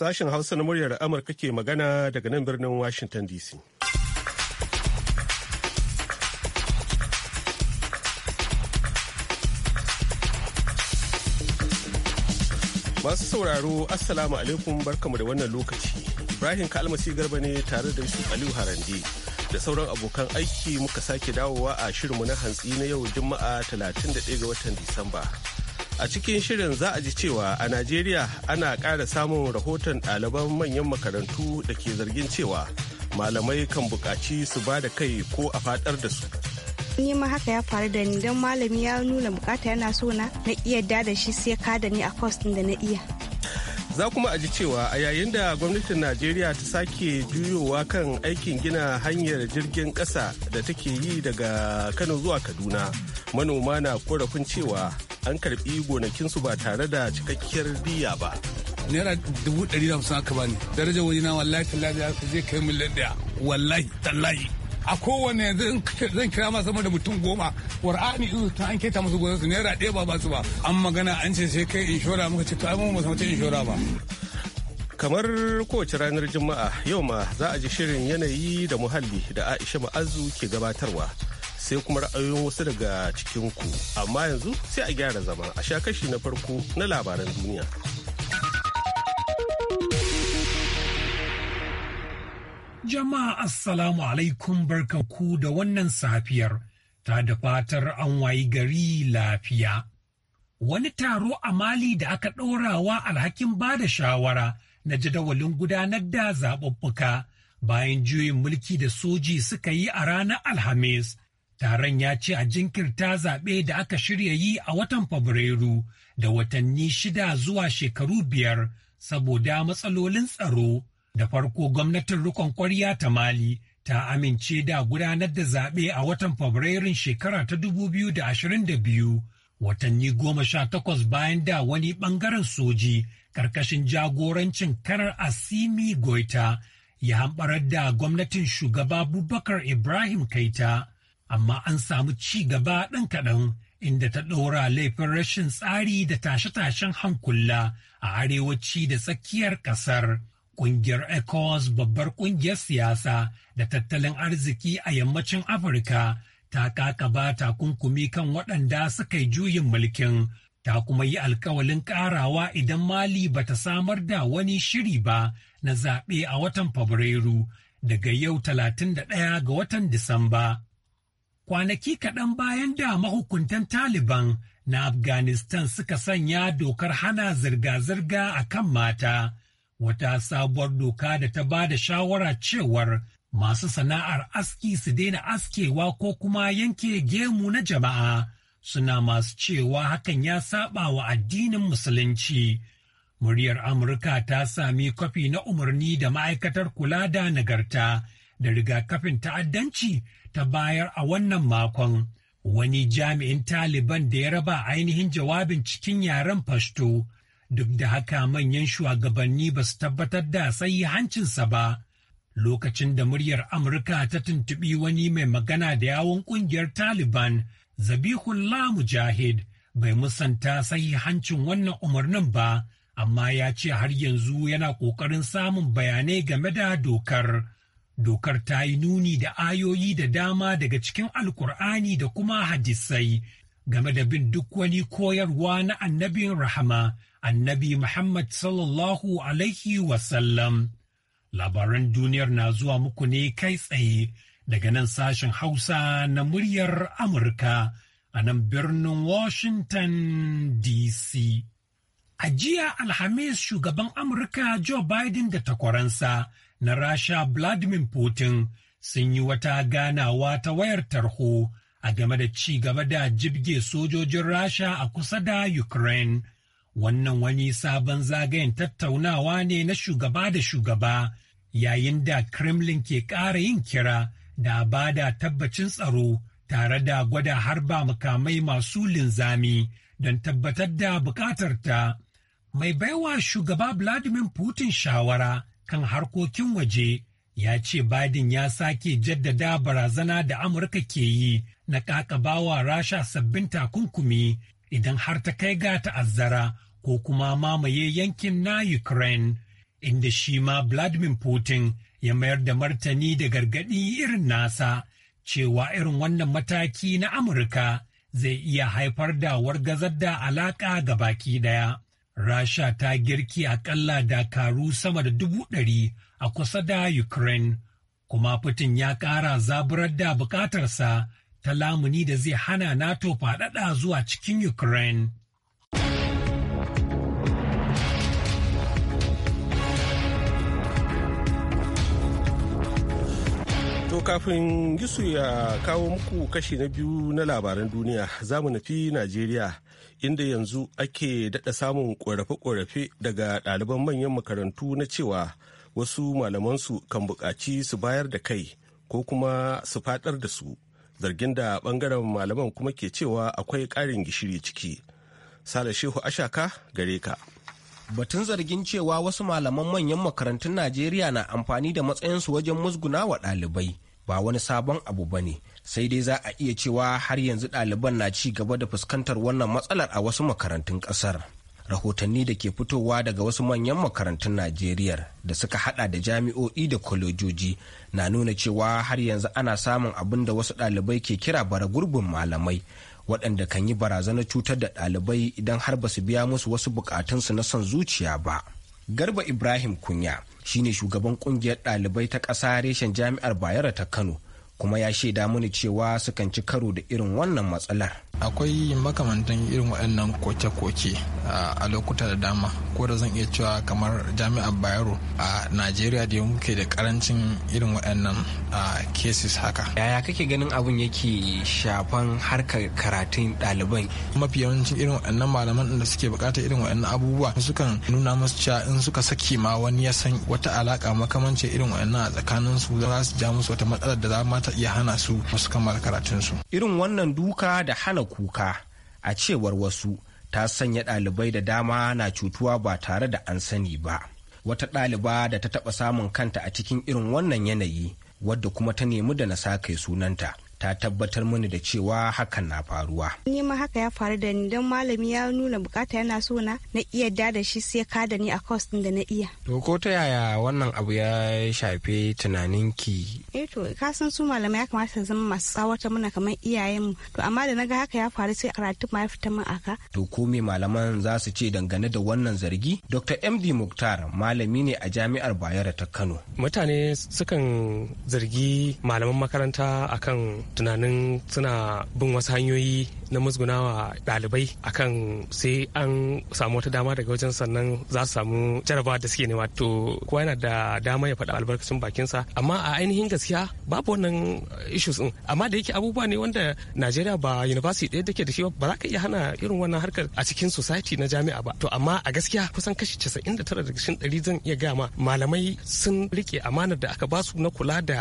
Sashen Hausa na muryar Amurka ke magana daga nan birnin Washington DC. Masu sauraro, Assalamu alaikum barkamu da wannan lokaci. Ibrahim Kalmasi Garba ne tare da Yusuf Aliyu Harande da sauran abokan aiki muka sake dawowa a shirinmu na hantsi na yau Juma'a 31 ga watan Disamba. a cikin shirin za a ji cewa a najeriya ana kara samun rahoton ɗaliban manyan makarantu da ke zargin cewa malamai kan buƙaci su ba da kai ko a faɗar da su ni ma haka ya faru da ni don malami ya nuna bukata yana so na na iya da shi sai ka da ni a kwas da na iya za kuma a ji cewa a yayin da gwamnatin najeriya ta sake juyowa kan aikin gina hanyar jirgin ƙasa da take yi daga kano zuwa kaduna manoma na korafin cewa an karbi gonakinsu ba tare da cikakkiyar diya ba naira dubu ɗari da hamsin aka bani darajar na wallahi tallahi zai kai miliyan ɗaya wallahi tallahi a kowane zan kira ma sama da mutum goma qur'ani in ta an keta musu gonar naira ɗaya ba basu ba an magana an ce sai kai inshora muka ce kai mu musamman inshora ba kamar kowace ranar juma'a yau ma za a ji shirin yanayi da muhalli da aisha ma'azu ke gabatarwa sai kuma ra'ayoyin wasu daga cikinku amma yanzu sai a gyara zama a sha kashi na farko na labaran duniya. Jama'a Assalamu alaikum barkanku da wannan safiyar ta da fatar an wayi gari lafiya. Wani taro a Mali da aka ɗorawa alhakin ba da shawara na jadawalin gudanar da zaɓuɓɓuka bayan juyin mulki da soji suka yi a ranar Alhamis. Taron ya ce a jinkirta zaɓe da aka shirya yi a watan Fabrairu da watanni shida zuwa shekaru biyar saboda matsalolin tsaro. Da farko gwamnatin rukon kwarya ta Mali ta amince da gudanar da zaɓe a watan Fabrairun shekara ta 2022 watanni goma sha takwas bayan da wani ɓangaren soji ƙarƙashin jagorancin kanar Asimi Goita ya hamɓarar da gwamnatin shugaba Abubakar Ibrahim Kaita, amma an samu ci gaba ɗan kaɗan inda ta ɗora laifin rashin tsari da tashe-tashen hankula a arewaci da tsakiyar ƙasar. Ƙungiyar ECOWAS babbar ƙungiyar siyasa da tattalin arziki a yammacin Afirka ta kakaba takunkumi kan waɗanda suka yi juyin mulkin ta kuma yi alkawalin ƙarawa idan Mali ba ta samar da wani shiri ba na zaɓe a watan Fabrairu daga yau 31 ga watan Disamba. Kwanaki kaɗan bayan da mahukuntan Taliban na Afghanistan suka sanya dokar hana zirga-zirga a kan mata. wata sabuwar doka da ta ba da shawara cewar masu sana'ar aski su daina askewa ko kuma yanke gemu na jama'a suna masu cewa hakan ya saba wa addinin musulunci. Muryar Amurka ta sami kwafi na umarni da ma'aikatar kula da nagarta da rigakafin ta'addanci ta bayar a wannan makon. Wani jami'in Taliban da ya raba ainihin jawabin cikin yaren fasto duk da haka manyan shugabanni ba su tabbatar da sai hancinsa ba lokacin da muryar amurka ta tuntubi wani mai magana da yawon kungiyar taliban zabihullah mujahid bai musanta sai hancin wannan umarnin ba amma ya ce har yanzu yana ƙoƙarin samun bayanai game da dokar dokar ta yi nuni da ayoyi da dama daga cikin alkur'ani da kuma hadisai game da bin duk wani koyarwa na annabin rahama annabi Muhammad sallallahu Alaihi wasallam. Labaran duniyar na zuwa muku ne kai tsaye daga nan sashen Hausa na muryar Amurka a nan birnin Washington DC. A jiya Alhamis shugaban Amurka Joe Biden da takwaransa na Rasha Vladimir Putin sun yi wata ganawa ta wayar tarho a game da ci gaba da jibge sojojin Rasha a kusa da Ukraine. Wannan wani sabon zagayen tattaunawa ne na shugaba da shugaba yayin da Kremlin ke ƙara yin kira da ba da tabbacin tsaro tare da gwada harba mukamai masu linzami don tabbatar da ta. Mai baiwa shugaba Vladimir Putin shawara kan harkokin waje ya ce Biden ya sake jaddada barazana da Amurka ke yi na kakabawa rasha sabbin takunkumi idan har ta kai ga ta'azzara ko kuma mamaye yankin na Ukraine, inda shi ma Vladimir Putin ya mayar da martani da gargaɗi irin nasa cewa irin wannan mataki na Amurka zai iya haifar da wargazar da alaƙa ga baki ɗaya. Rasha ta girki akalla dakaru sama da dubu ɗari a kusa da Ukraine, kuma Putin ya ƙara zaburar da buƙatarsa. ta lamuni da zai hana NATO faɗaɗa zuwa cikin Ukraine. To kafin gisu ya kawo muku kashi na biyu na labaran duniya za mu nufi Najeriya inda yanzu ake daɗa samun ƙorafe-ƙorafe daga ɗaliban manyan makarantu na cewa wasu malamansu kan buƙaci su bayar da kai ko kuma su faɗar da su. zargin da bangaren malaman kuma ke cewa akwai ƙarin gishiri ciki sale shehu ashaka gare ka batun zargin cewa wasu malaman manyan makarantun najeriya na amfani da matsayinsu wajen musguna wa ɗalibai ba wani sabon abu ba ne sai dai za a iya cewa har yanzu ɗaliban na ci gaba da fuskantar wannan matsalar a wasu makarantun ƙasar rahotanni da ke fitowa daga wasu manyan makarantun najeriya da suka hada da jami'o'i da kwalejoji na nuna cewa har yanzu ana samun abin da wasu ɗalibai ke kira bara gurbin malamai waɗanda kan yi barazanar cutar da ɗalibai idan har ba su biya musu wasu bukatunsu na son zuciya ba garba ibrahim kunya shine shugaban kungiyar ɗalibai ta ƙasa reshen jami'ar bayero ta kano kuma ya shaida mini cewa sukan ci karo da irin wannan matsalar. Akwai makamantan irin waɗannan koke-koke a lokuta da dama ko da zan iya cewa kamar jami'ar Bayero a Najeriya da muke da karancin irin waɗannan cases haka. Yaya kake ganin abun yake shafan harkar karatun ɗaliban? Mafi yawancin irin waɗannan malaman da suke bukatar irin waɗannan abubuwa sukan nuna musu cewa in suka saki ma wani ya san wata alaƙa makamancin irin waɗannan a su za su ja musu wata matsalar da za mata ta iya hana su su kammala karatunsu. Irin wannan duka da hana kuka a cewar wasu ta sanya ɗalibai da dama na cutuwa ba tare da an sani ba. Wata ɗaliba da ta taɓa samun kanta a cikin irin wannan yanayi wadda kuma ta nemi da na sa sunanta ta tabbatar mini da cewa hakan na faruwa. Ni ma haka ya faru da ni don malami ya nuna bukata yana so na na iya da da shi sai ka da ni a kwas din da na iya. To ko ta yaya wannan abu ya shafe tunaninki? Eh to ka san su malamai ya kamata su zama masu tsawata mana kamar iyayen mu? To amma da naga haka ya faru sai karatu ma ya fita min aka. To ko me malaman za su ce dangane da wannan zargi? Dr. MD Muktar malami ne a jami'ar Bayero ta Kano. Mutane sukan zargi malaman makaranta akan tunanin suna bin wasu hanyoyi na musgunawa ɗalibai akan sai an samu wata dama daga wajen sannan za su samu jarabawa da suke nema to kowa yana da dama ya faɗa albarkacin bakinsa amma a ainihin gaskiya babu wannan issues din amma da yake abubuwa ne wanda Najeriya ba university ɗaya take da shi ba za ka iya hana irin wannan harkar a cikin society na jami'a ba to amma a gaskiya kusan kashi casa'in da tara daga cikin ɗari zan iya gaya ma malamai sun rike amanar da aka basu na kula da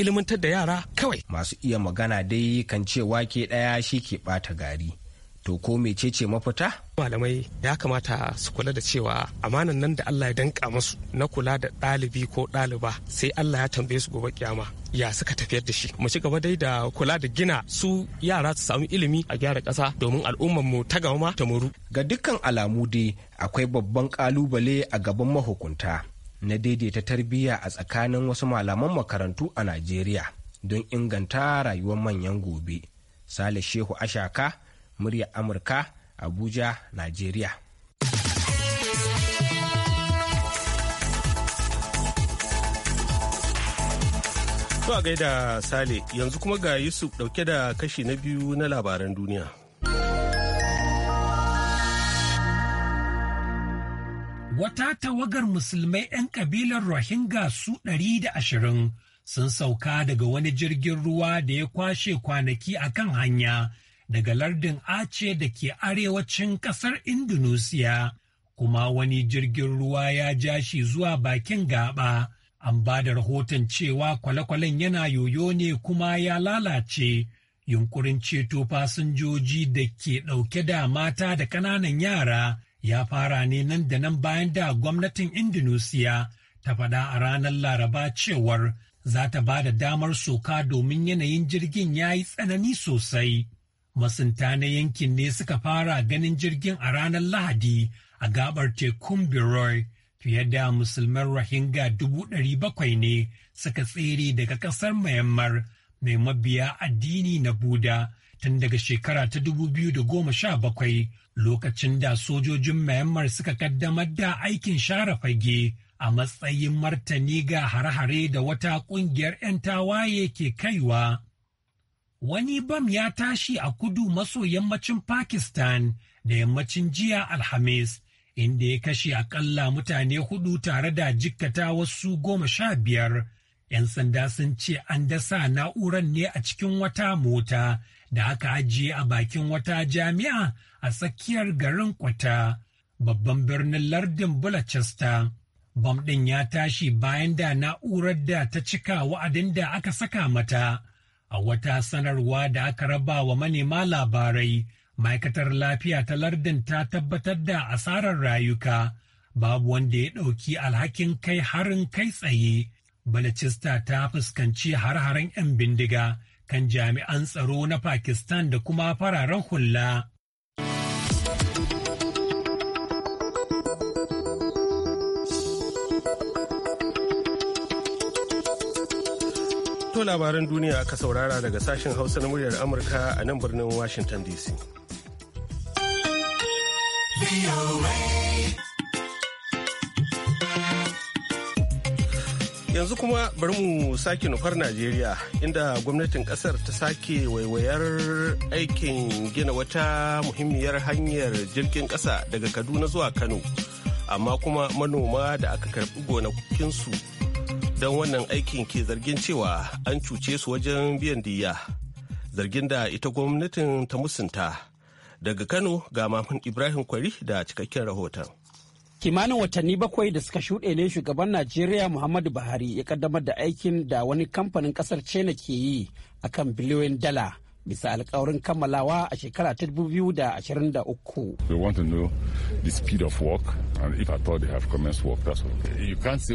ilimantar da yara kawai masu iya magana dai kan ce wake ɗaya shi ke ɓata. ɓata gari to ko mecece mafita? malamai ya kamata su kula da cewa amanan nan da Allah ya danka musu na kula da ɗalibi ko ɗaliba sai Allah ya tambaye su gobe kyama ya suka tafiyar da shi mu ci gaba dai da kula da gina su yara su samu ilimi a gyara ƙasa domin al'ummar mu ta gama ta muru ga dukkan alamu dai akwai babban kalubale a gaban mahukunta na daidaita tarbiyya a tsakanin wasu malaman makarantu a Najeriya don inganta rayuwar manyan gobe Sale Shehu Ashaka, murya Amurka, Abuja, Najeriya. To a gaida Sale, yanzu kuma ga Yusuf dauke da kashi na biyu na labaran duniya. Wata tawagar musulmai 'yan kabilar Rohingya su 120 sun sauka daga wani jirgin ruwa da ya kwashe kwanaki a kan hanya daga lardin Ace da ke arewacin ƙasar Indonesia, kuma wani jirgin ruwa ya ja shi zuwa bakin gaba. An ba da rahoton cewa kwale-kwalen yana yoyo ne kuma ya lalace. Yunkurin ceto fasinjoji da ke ɗauke da mata da ƙananan yara ya fara ne nan da nan bayan da gwamnatin Indonesia ta faɗa a ranar Laraba cewar za ta ba da damar soka domin yanayin jirgin ya yi tsanani sosai. Masunta na yankin ne suka fara ganin jirgin a ranar Lahadi a gabar tekun Biroy fiye da musulman Rohingya dubu ɗari bakwai ne suka tsere daga ƙasar Myanmar mai mabiya addini na Buda tun daga shekara ta dubu biyu da goma sha bakwai lokacin da sojojin Myanmar suka kaddamar da aikin share fage a matsayin martani ga hare-hare da wata ƙungiyar 'yan tawaye ke kaiwa. Wani bam ya tashi a kudu maso yammacin Pakistan da yammacin jiya Alhamis, inda ya kashe akalla mutane hudu tare da jikkata wasu goma sha biyar. 'Yan sanda sun ce an dasa na'uran ne a cikin wata mota da aka ajiye a bakin wata jami'a a tsakiyar garin kwata, babban birnin lardin Bulacester. Bam ɗin ya tashi bayan da na'urar da ta cika wa'adin da aka saka mata. A wata sanarwa da aka raba wa manema labarai, ma'aikatar lafiya ta lardin ta tabbatar da asarar rayuka. Babu wanda ya ɗauki alhakin kai harin kai tsaye. Balacista ta fuskanci har-haren 'yan bindiga kan jami'an tsaro na Pakistan da kuma fararen hula. To labaran duniya aka saurara daga sashen Hausa na muryar Amurka a nan birnin Washington DC. Yanzu kuma bari mu sake nufar Najeriya inda gwamnatin kasar ta sake waiwayar aikin gina wata muhimmiyar hanyar jirgin kasa daga Kaduna zuwa Kano. Amma kuma manoma da aka karɓi gonakinsu don wannan aikin ke zargin cewa an cuce su wajen biyan diya zargin da ita gwamnatin ta musunta daga kano ga mamun ibrahim kwari da cikakken rahoton kimanin watanni bakwai da suka shuɗe ne shugaban najeriya muhammadu buhari ya kaddamar da aikin da wani kamfanin ƙasar china ke yi akan biliyoyin dala bisa alkawarin kammalawa a shekara ta 2023. we want to know the speed of work and if at all they have commenced work that's You can't say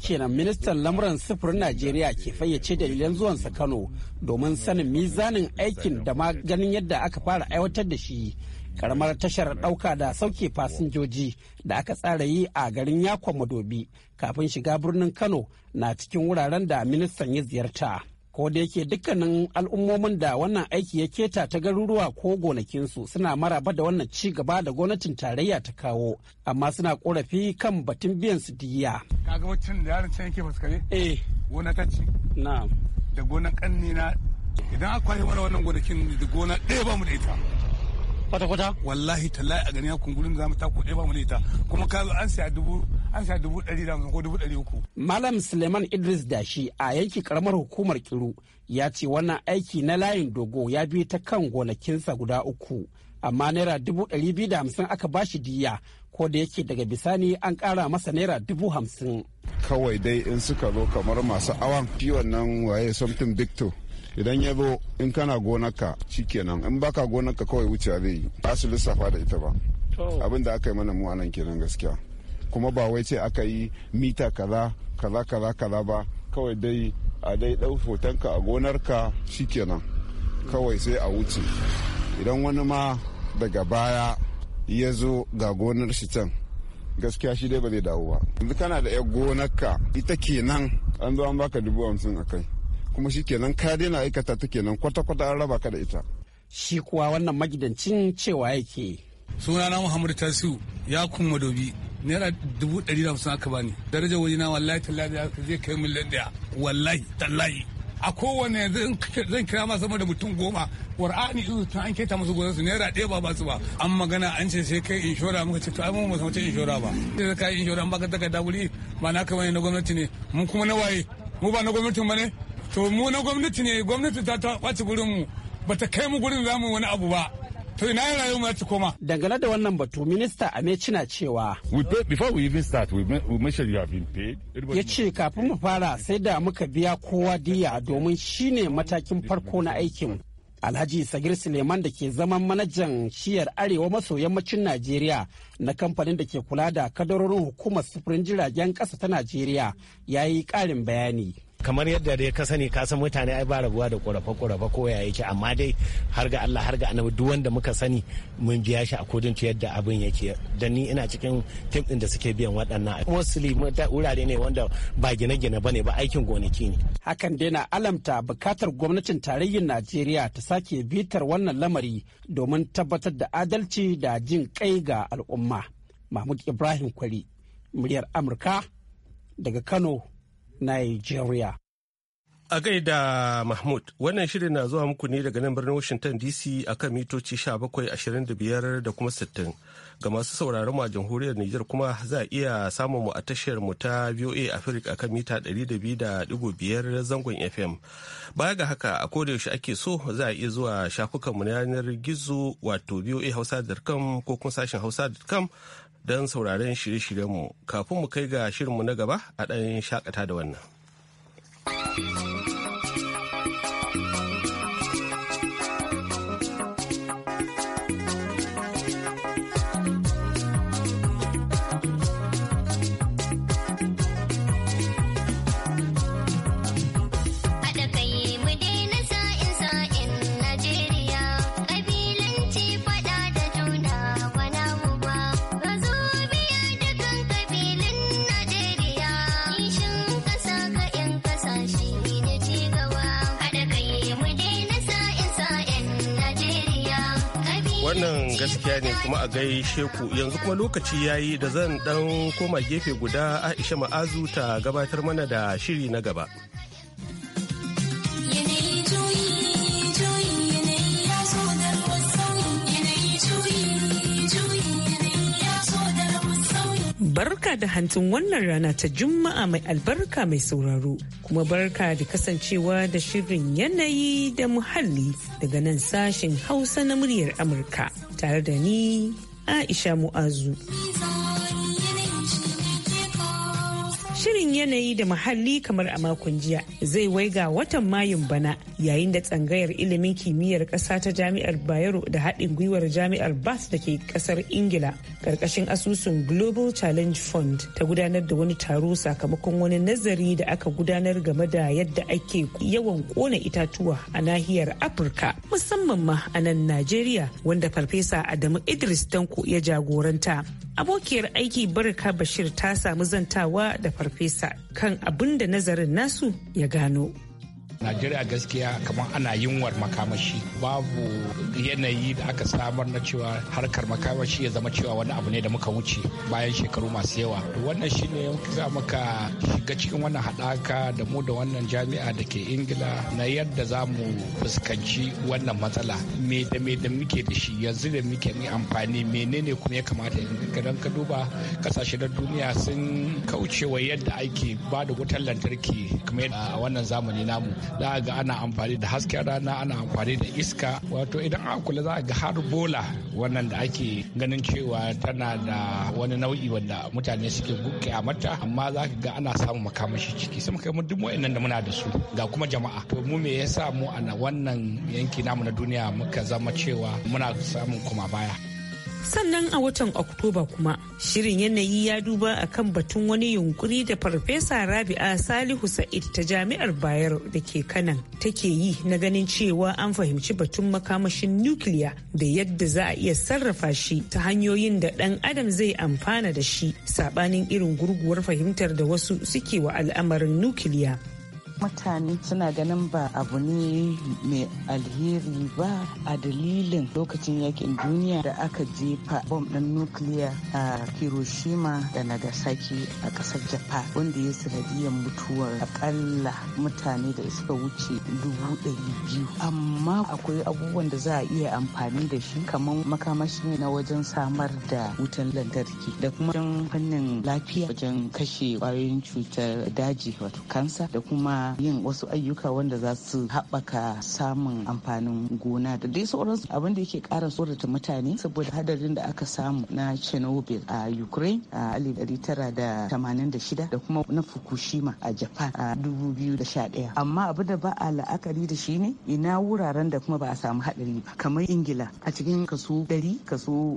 kenan ministan lamuran sufurin Najeriya ke fayyace dalilan sa Kano domin sanin mizanin aikin da ma ganin yadda aka fara aiwatar da shi. karamar tashar ɗauka da sauke fasinjoji da aka tsara yi a garin yakwa madobi kafin shiga birnin kano na cikin wuraren da ministan ya ziyarta ko da yake dukkanin al'ummomin da wannan aiki ya keta ta garuruwa ko gonakinsu suna maraba da wannan ci gaba da gwamnatin tarayya ta kawo amma suna korafi kan batun biyan su diya kaga wacin da yaron can yake fuskare eh gona ta ci na'am da gonan kanni na idan aka kwaye wannan gonakin da gona ɗaya ba mu da ita kwata kwata wallahi tallahi a gani ya kungurin zamu ta ko ɗaya ba mu da ita kuma ka an a dubu an sa dubu ɗari da ko dubu ɗari uku. Malam Suleiman Idris Dashi a yanki karamar hukumar Kiru ya ce wannan aiki na layin dogo ya bi ta kan gonakinsa guda uku. Amma naira dubu ɗari biyu da hamsin aka bashi diya ko da yake daga bisani an kara masa naira dubu hamsin. Kawai dai in suka zo kamar masu awan kiwon nan waye something victor idan ya zo in kana gonarka shikenan in baka gonarka kawai wuce zai yi ba su lissafa da ita ba abin da aka yi mana mu anan kenan gaskiya kuma ba wai ce aka yi mita kaza kaza kaza kaza ba kawai dai a dai dau hotonka a gonarka shikenan kawai sai a wuce idan wani ma daga baya ya zo ga gonar shi can gaskiya shi dai ba zai dawo ba yanzu kana da yar gonarka ita kenan an zo an baka dubu hamsin a kai kuma shi kenan ka daina aikata ta kenan kwata-kwata an raba ka da ita shi kuwa wannan magidancin cewa yake sunana muhammadu tasiu ya kun madobi naira dubu ɗari da hamsin aka bani daraja waje na wallahi tallahi da zai kai miliyan ɗaya wallahi tallahi a kowane zan kira ma sama da mutum goma qur'ani izu tun an keta musu gonar su naira ɗaya ba ba su ba an magana an ce sai kai inshora muka ce to ai mun ba samu inshora ba sai ka yi inshora an ka da wuri ba na kama ne na gwamnati ne mun kuma na waye mu ba na gwamnatin ba ne to mu na gwamnati ne gwamnati ta ta kwace gurin mu bata kai mu gurin zamu wani abu ba to ina rayuwar ta koma dangane da wannan batu minista amechi na cewa before we even start we make sure you have been paid ya ce kafin mu fara sai da muka biya kowa diya domin shi ne matakin farko na aikin Alhaji Sagir Suleiman da ke zaman manajan shiyar arewa maso yammacin Najeriya na kamfanin da ke kula da kadarorin hukumar sufurin jiragen ƙasa ta Najeriya ya yi ƙarin bayani. kamar yadda dai ka sani ka san mutane ai ba rabuwa da ƙorafa ƙorafa ko ya yake amma dai har ga Allah har ga annabi duk wanda muka sani mun biya shi according to yadda abin yake dan ni ina cikin tim din da suke biyan waɗannan mostly wurare ne wanda ba gine-gine bane ba aikin gonaki ne hakan dai na alamta bukatar gwamnatin tarayyar Najeriya ta sake bitar wannan lamari domin tabbatar da adalci da jin kai ga al'umma Mahmud Ibrahim Kwari muryar Amurka daga Kano Nigeria. A gaida Mahmud, wannan shirin na zuwa muku ne daga nan birnin Washington DC a kan mitoci 1725 da kuma 60. Ga masu sauraron mu a jamhuriyar Nijar kuma za a iya samun mu a tashar mu ta VOA Africa a kan mita 200.5 zangon FM. Baya ga haka a koda yaushe ake so za a iya zuwa shafukan mu na yanar gizo wato hausa.com ko kuma sashen hausa.com don sauraron shirye-shiryenmu kafin mu kai ga shirinmu na gaba a ɗan shakata da wannan. gaskiya ne kuma a gai ku yanzu kuma lokaci ya yi da zan dan koma gefe guda aisha ma'azu ta gabatar mana da shiri na gaba barka da hantun wannan rana ta juma'a mai albarka mai sauraro kuma barka da kasancewa da shirin yanayi da muhalli daga nan sashen hausa na muryar amurka tare da ni Aisha Mu'azu. Shirin yanayi da muhalli kamar a makon jiya zai waiga watan Mayun bana yayin da tsangayar ilimin kimiyyar ƙasa ta jami'ar Bayero da haɗin gwiwar jami'ar Bath da ke ƙasar Ingila ƙarƙashin asusun Global Challenge Fund ta gudanar da wani taro sakamakon wani nazari da aka gudanar game da yadda ake yawan ƙona itatuwa a nahiyar Afirka musamman ma a nan Najeriya wanda Farfesa Adamu Idris Danko ya jagoranta. Abokiyar aiki Barka Bashir ta samu zantawa da farfesa farfesa kan abin da nazarin nasu ya gano. najeriya gaskiya kamar ana yunwar makamashi babu yanayi da aka samar na cewa harkar makamashi ya zama cewa wani abu ne da muka wuce bayan shekaru masu yawa wannan shi ne za muka shiga cikin wannan hadaka, da mu da wannan jami'a da ke ingila na yadda za mu fuskanci wannan matsala me da me da muke da shi yanzu da muke ni amfani menene kuma ya kamata idan ka duba kasashe na duniya sun kaucewa yadda ake ba da wutar lantarki kamar a wannan zamani namu za a ga ana amfani da hasken rana ana amfani da iska wato idan a kula za a ga har bola wannan da ake ganin cewa tana da wani nau'i wanda mutane suke gukke a mata amma za ka ga ana samun makamashi ciki sai muka mu duk wa'annan da muna da su ga kuma jama'a to mu me yasa mu a wannan yanki namu na duniya muka zama cewa muna samun kuma baya sannan a watan oktoba kuma shirin yanayi ya duba a kan batun wani yunkuri da farfesa rabi'a salihu sa'id ta jami'ar bayero da ke kanan take yi na ganin cewa an fahimci batun makamashin nukiliya da yadda za a iya sarrafa shi ta hanyoyin da dan adam zai amfana da shi sabanin irin gurguwar fahimtar da wasu suke wa al'amarin nukiliya mutane suna ganin ba abu ne mai alheri ba a dalilin lokacin yakin duniya da aka jefa bom ɗin nukiliya a hiroshima da nagasaki a ƙasar japan wanda ya sanadiyar mutuwar akalla mutane da suka wuce dubu ɗari biyu amma akwai abubuwan da za a iya amfani da shi kamar makamashi na wajen samar da wutan lantarki da kuma wajen fannin lafiya wajen kashe kwayoyin cutar daji wato kansa da kuma yin wasu ayyuka wanda za su haɓaka samun amfanin gona da dai sauransu abin da yake ƙara tsorata mutane saboda hadarin da aka samu na chernobyl a ukraine a 1986 da da kuma na fukushima a japan a 2011 amma abu da ba a la'akari da shi ne ina wuraren da kuma ba a samu haɗari ba kamar ingila a cikin kaso 100 kaso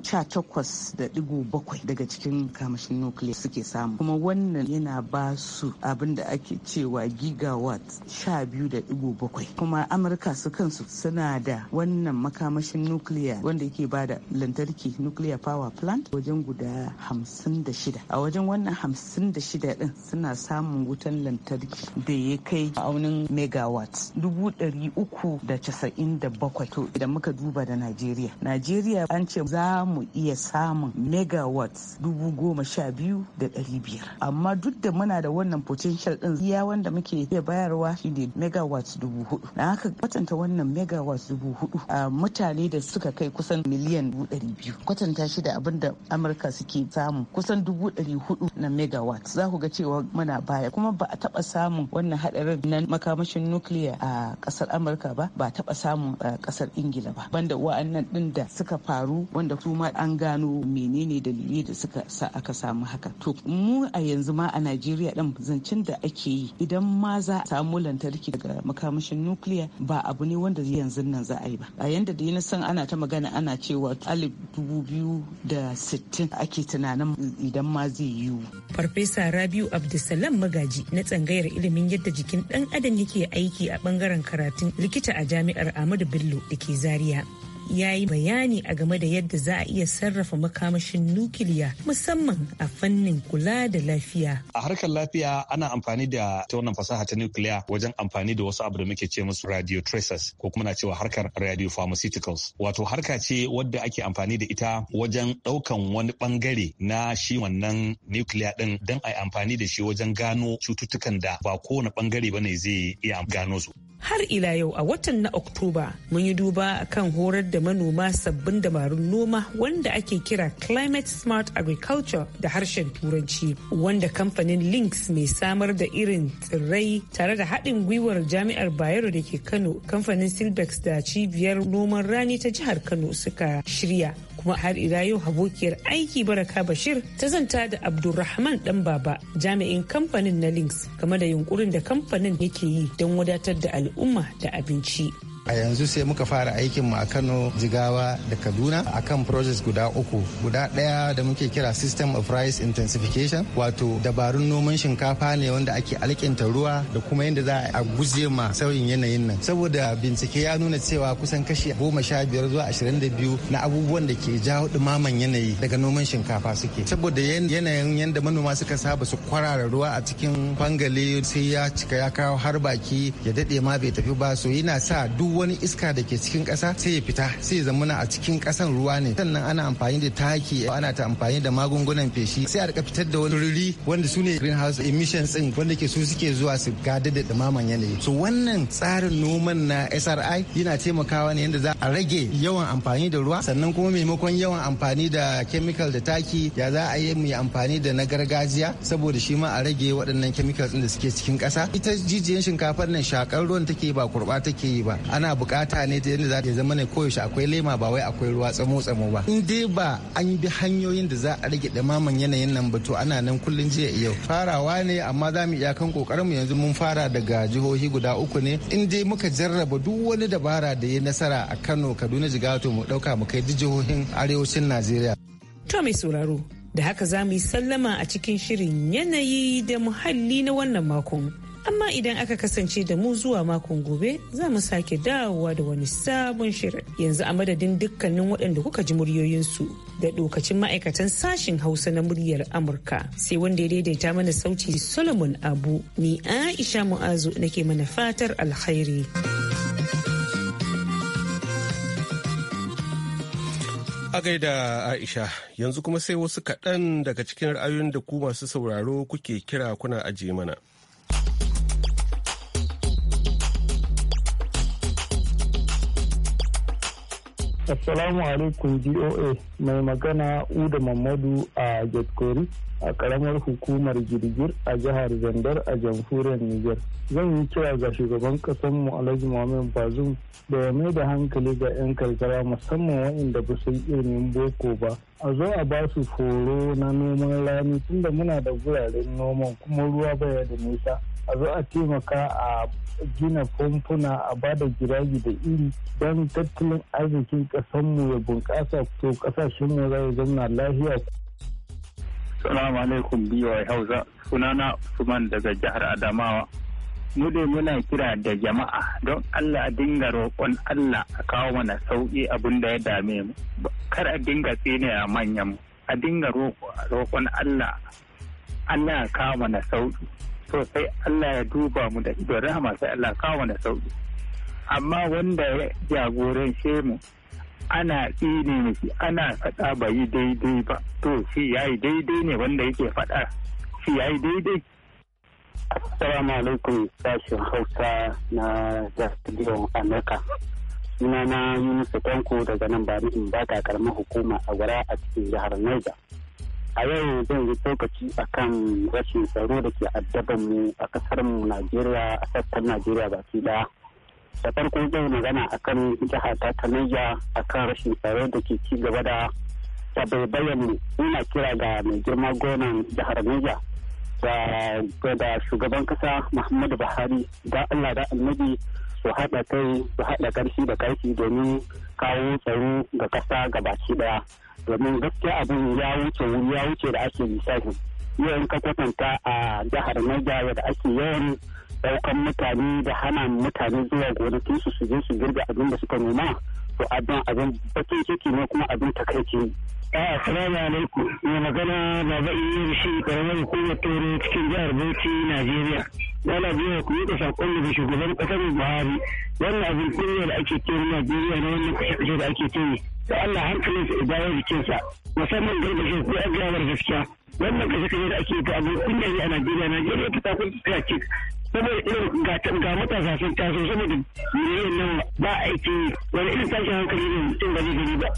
bakwai daga cikin kamashin nukiliya suke samu kuma wannan yana ba su abin da ake cewa gigawa megawatt sha biyu da igo bakwai kuma amurka su kansu suna da wannan makamashin nukiliya wanda yake ba da lantarki nuclear power plant wajen guda hamsin da shida a wajen wannan hamsin da shida din suna samun wutan lantarki da ya kai aunin megawatt dubu dari uku da casa'in da bakwai to idan muka duba da najeriya najeriya an ce za mu iya samun megawatt dubu goma sha biyu da ɗari biyar amma duk da muna da wannan potential din iya wanda muke iya bayarwa shine megawatt dubu hudu Na haka kwatanta wannan megawatt dubu hudu a mutane da suka kai kusan miliyan dubu dari biyu kwatanta shi da abin da amurka suke samu kusan dubu dari hudu na megawatt za ku ga cewa muna baya kuma ba a taba samun wannan haɗarin na makamashin nukiliya a kasar amurka ba ba a taɓa samun a ƙasar ingila ba banda wa'annan din da suka faru wanda su an gano menene dalilai da suka sa aka samu haka to mu a yanzu ma a najeriya din zancen da ake yi idan ma za samu lantarki daga makamashin nukiliya ba abu ne wanda yanzu nan za a yi ba a yanda da na san ana ta magana ana cewa alif dubu biyu da sittin ake tunanin idan ma zai yiwu farfesa rabiu abdulsalam magaji na tsangayar ilimin yadda jikin dan adam yake aiki a bangaren karatun likita a jami'ar ahmadu bello da ke zaria ya yi bayani a game da yadda za a iya sarrafa makamashin nukiliya musamman a fannin kula da lafiya. A harkar lafiya ana amfani da ta wannan fasaha ta nukiliya wajen amfani da wasu abu da muke ce musu radio tracers ko kuma na cewa harkar radio pharmaceuticals. Wato harka ce wadda ake amfani da ita wajen ɗaukan wani bangare na shi wannan nukiliya ɗin don a yi amfani da shi wajen gano cututtukan da ba kowane bangare ba ne zai iya gano su. har ila yau a watan na oktoba mun yi duba kan horar da manoma sabbin dabarun noma wanda ake kira climate smart agriculture da harshen turanci wanda kamfanin links mai samar da irin tsirrai tare da haɗin gwiwar jami'ar bayero da ke kano kamfanin silbex da cibiyar noman rani ta jihar kano suka shirya kuma har ila yau abokiyar aiki baraka bashir ta zanta da abdulrahman dan baba jami'in kamfanin na links game da yunkurin da kamfanin yake yi don wadatar da al'umma da abinci a yanzu sai muka fara aikin mu a kano jigawa da kaduna akan projects guda uku guda ɗaya da muke kira system of rice intensification wato dabarun noman shinkafa ne wanda ake alkinta ruwa da kuma yadda za a guje ma sauyin yanayin nan saboda bincike ya nuna cewa kusan kashi goma sha biyar zuwa ashirin da biyu na abubuwan da ke jawo dumaman yanayi daga noman shinkafa suke saboda yanayin yadda manoma suka saba su kwarara ruwa a cikin fangale sai ya cika ya kawo har baki ya daɗe ma bai tafi ba so yana sa duk wani iska da ke cikin ƙasa sai ya fita sai ya zamana a cikin ƙasan ruwa ne sannan ana amfani da taki ana ta amfani da magungunan feshi sai a rika fitar da wani ruri wanda su ne greenhouse emissions din wanda ke su suke zuwa su gada da dumaman yanayi so wannan tsarin noman na SRI yana taimakawa ne yadda za a rage yawan amfani da ruwa sannan kuma maimakon yawan amfani da chemical da taki ya za a yi mu amfani da na gargajiya saboda shi ma a rage waɗannan chemicals din da suke cikin ƙasa ita jijiyan shinkafar nan shakar ruwan take ba kurɓa take yi ba ana bukata ne ta yadda za ta zama ne koyaushe akwai lema ba wai akwai ruwa tsamo tsamo ba in dai ba an bi hanyoyin da za a rage damaman yanayin nan ba to ana nan kullun jiya yau farawa ne amma za mu iyakan kokarin mu yanzu mun fara daga jihohi guda uku ne in dai muka jarraba duk wani dabara da ya nasara a Kano Kaduna Jigawa to mu dauka mu kai jihohin arewacin Najeriya to mai sauraro da haka za mu yi sallama a cikin shirin yanayi da muhalli na wannan makon Amma idan aka kasance da mu zuwa makon gobe za mu sake dawowa da wani sabon shirin. Yanzu a madadin dukkanin waɗanda kuka ji muryoyinsu da ɗokacin ma'aikatan sashen Hausa na muryar Amurka. Sai wanda ya daidaita mana sauti Solomon Abu ni Aisha Mu'azu nake mana fatar alkhairi. A gaida Aisha, yanzu kuma sai wasu kaɗan daga cikin ra'ayoyin da ku masu sauraro kuke kira kuna ajiye mana. Assalamu alaikum DOA mai magana Uda Mamadu a Jatkori a karamar hukumar girgir a jihar Zandar a jamhuriyar Nijar. Zan yi kira ga shugaban mu Alhaji Muhammad Bazum da ya mai da hankali ga 'yan karkara musamman waɗanda ba su yi ilimin boko ba. A zo a ba su horo na noman rani tunda muna da guraren noman kuma ruwa baya da nisa. a zo a taimaka a gina fomfuna a ba da giragi da iri don tattalin arzikin ƙasanmu ya bunƙasa to ƙasashenmu za ya zauna lafiya. Salamu alaikum biyu Hausa sunana Usman daga jihar Adamawa. mu dai muna kira da jama'a don Allah a dinga roƙon Allah a kawo mana sauƙi abin da ya dame mu kar a dinga tsene a manyan mu a dinga roƙon Allah Allah ya kawo mana sauƙi sosai Allah ya duba mu da idon rahama sai Allah kawo da sauki amma wanda ya jagorance mu ana tsine miki ana faɗa ba yi daidai ba to shi ya yi daidai ne wanda yake faɗa shi ya yi daidai Assalamu alaikum sashen Hausa na Jasidiyon Amurka. Sunana musu Tanko daga nan ba in ba karamar hukuma a gara a cikin jihar Niger. a yau zan yi tsokaci a kan rashin tsaro da ke addaban mu a kasar najeriya a sassan najeriya ba daya da farko zai magana a kan jiha ta kanayya a kan rashin tsaro da ke ci gaba da tabaibayan mu ina kira ga mai girma gonan jihar Niger da shugaban kasa Muhammadu Buhari da Allah da annabi su haɗa kai su haɗa ƙarfi da ƙarfi domin kawo tsaro ga ƙasa baki ɗaya. domin gaskiya abin ya wuce wuri ya wuce da ake misali yawan ka kwatanta a jihar Niger da ake yawan daukan mutane da hana mutane zuwa gonakin su su je su girbe abin da suka noma to abin abin bakin ciki ne kuma abin takaici ne Assalamu alaikum. Mai magana Baba yi shi karamar hukumar tori cikin jihar Bauchi, Najeriya. Yana biya ku yi da kwallo da shugaban ƙasar Buhari. Wannan abin kunya da ake ce Najeriya na wannan kashe da ake ce da Allah hankali sa idan jikinsa jikin sa musamman gargashin ko an gawar gaskiya wannan kashe kashe da ake ga abin kunya ne a Najeriya Najeriya ta tafi tsaya ce saboda irin ga matasa sun taso saboda miliyan nan ba aiki wani irin tashin hankali ne mutum ba zai ba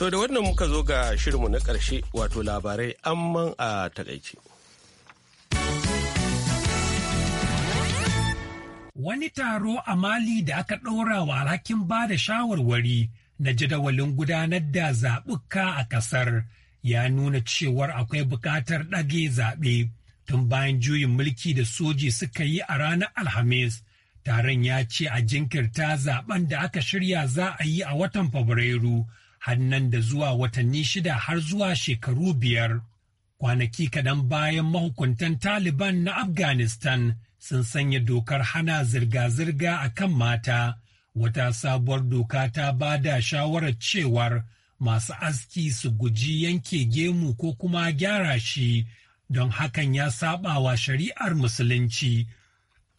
To da wannan muka zo ga shirinmu na ƙarshe wato labarai amman a takaice. wani taro a Mali da aka ɗora wa alhakin ba da shawarwari na jadawalin gudanar da zaɓuka a ƙasar ya nuna cewar akwai buƙatar ɗage zaɓe tun bayan juyin mulki da soji suka yi a ranar Alhamis. Taron ya ce a jinkirta zaɓen da aka shirya za a yi a watan Fabrairu, hannan da zuwa watanni shida har zuwa shekaru biyar. Kwanaki kaɗan bayan mahukuntan Taliban na Afghanistan sun sanya dokar hana zirga-zirga a kan mata. Wata sabuwar doka ta ba da shawarar cewar masu aski su guji yanke gemu ko kuma gyara shi don hakan ya saba wa shari'ar musulunci.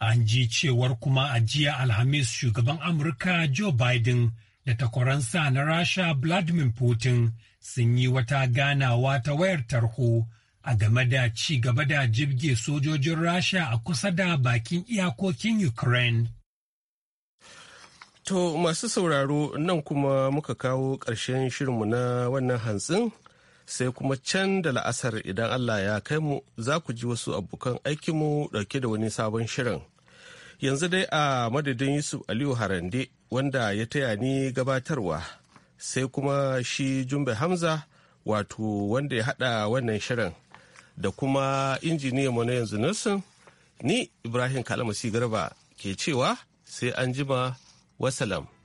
An ji cewar kuma a jiya Alhamis shugaban Amurka Joe Biden da takwaransa na Rasha Vladimir Putin sun yi wata ganawa ta wayar tarho a game da ci gaba da jirgin sojojin Rasha a kusa da bakin iyakokin Ukraine. To masu sauraro nan kuma muka kawo ƙarshen shirinmu na wannan hantsin sai kuma can da la'asar idan Allah ya kai mu za ku ji wasu abokan aikinmu ɗauke da wani sabon shirin. Yanzu dai a madadin Yusuf Aliyu Harande wanda ya taya ni gabatarwa sai kuma shi Jumbe Hamza wato wanda ya hada wannan shirin. da kuma injiniya mu na yanzu Nelson ni Ibrahim Kalamasi Garba ke cewa sai an jima wasalam.